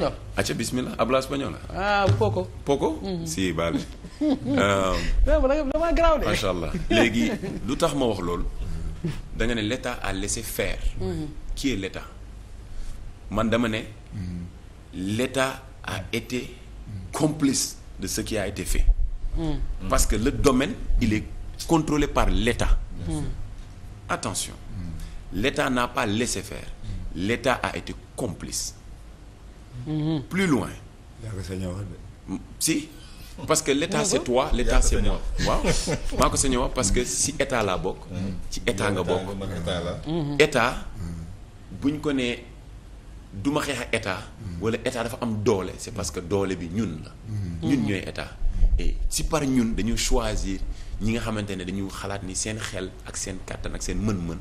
espagnol. acca bismillah habla español. ah poco. poco. si vale. damaa garaaw de. macha allah léegi lu tax ma wax loolu da nga ne l'état a laissé faire. qui est l'état man dama ne. l'état a été complice de ce qui a été fait. parce que le domaine il est contrôlé par l'état. attention l'état n'a pas laissé faire l'état a été complice. Mhm. plus loin. si parce que l'état c'est toi l'état c'est moi waaw maa ko sañoo wax parce que si état laa bokk. Mhm. ci état nga bokk état mhm. buñ ñu ko nee du ma xeex ak état. wala état dafa am doole c'est parce que doole bi ñun la. ñun ñooy état. si par ñun dañu choisir ñi nga xamante ne dañu xalaat ni seen xel ak seen kàttan ak seen mën-mën.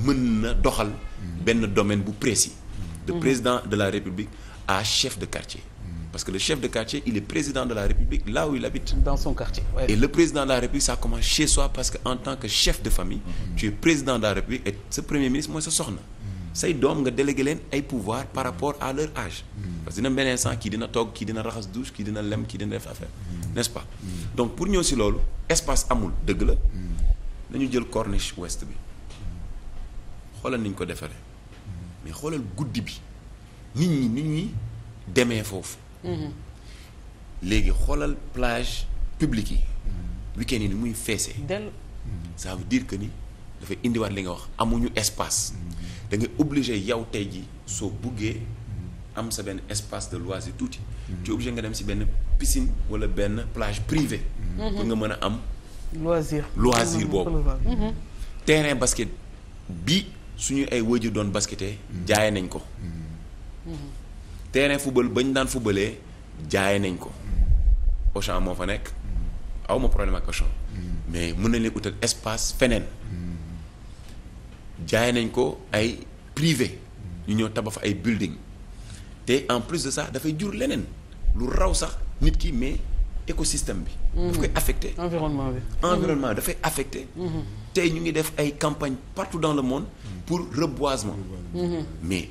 mën na doxal benn domaine bu précis. de président de la république. à chef de quartier. Parce que le chef de quartier, il est président de la République là où il habite. Dans son quartier. Et le président de la République, ça commence chez soi parce qu'en tant que chef de famille, mm président de la République et ce premier ministre mooy sa soxna. say doom nga délégué leen ay pouvoir par rapport à leur âge. Mm-hmm. parce que dina benn instant kii dina togg kii dina raxas douche kii dina lem kii dina def affaire. Mm-hmm. n'est-ce pas. donc pour si loolu espace amul dëgg la. nañu jël corniche ouest bi. xoolal ni ñu ko defaree. nit ñi nit ñi demee foofu. Mhm. léegi xoolal plage publique yi. Mhm. week yi ni muy feesee. ça veut diir que ni dafa indiwaat li nga wax amuñu espace. Mhm. dangay ngay obligé yow tey ji soo buggee am sa benn espace de loisir tuuti. ci obligé nga dem si benn piscine wala benn plage privée. pour nga mën a am. loisir loisir boobu. terrain basket bi suñu ay wëjur doon basketee jaay nañ ko. terrain football bañ daan footballee jaay nañ ko Auchan moo fa nekk aw ma problème ak Auchan mais mën nañ leen utal espace feneen jaay nañ ko ay privé ñu ñëw tabax fa ay building te en plus de ça dafay jur leneen lu raw sax nit ki mais écosystème bi daf koy affecté environnement bi environnement dafay affecté mhm. tey ñu ngi def ay campagne partout dans le monde pour reboisement mhm. mais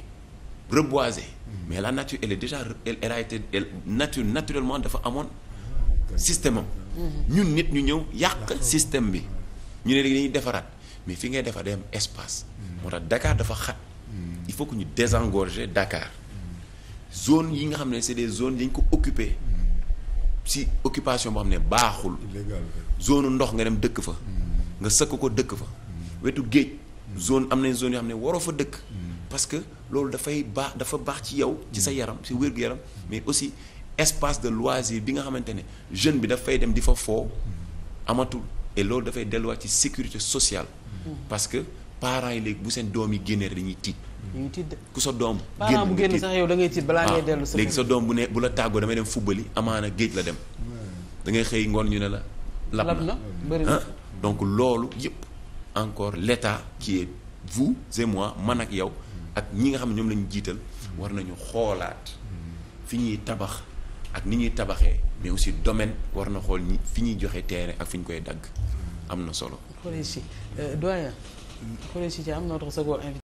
reboiser mais la nature elle est déjà elle, nature naturellement dafa amoon système am ñun nit ñu ñëw yàq système bi ñu ne léegi dañuy defaraat mais fi ngay defar day am espace hmm. moo tax dakaar dafa xat hmm. il faut que ñu désengorger Dakar zone yi nga xam ne c'est des zones dañ ko occuper hmm. si occupation boo xam ne baaxul zone ndox nga dem dëkk fa nga sëkk ko dëkk fa wetu géej zone am nañ zone yoo xam ne waroo fa dëkk parce loolu dafay baax dafa baax ci yow ci sa yaram ci wér gu yaram mais aussi espace de loisir bi nga xamante ne jeune bi dafay dem di fa foo amatul et loolu dafay delluwaat ci sécurité sociale parce que parent yi léegi bu seen doom yi génnee dañuy tiit dañuy tiit ku sa doom parent bu génn sax yow da ngay tiit balaa ngay dellu sa léegi sa doom bu ne bu la tàggoo damay dem fubbali amaana géej la dem da ngay xëy ngoon ñu ne la lab na bëri donc loolu yëpp encore l'état qui est man ak yow ak ñi nga xam ne ñoom la ñu jiital war nañu xoolaat fi ñuy tabax ak ni ñuy tabaxee mais aussi domaine war na xool ñi fi ñuy joxe terrain ak fi ñu koy dagg am na solo. Khoureychi doyen Khoureychi Thiam notre second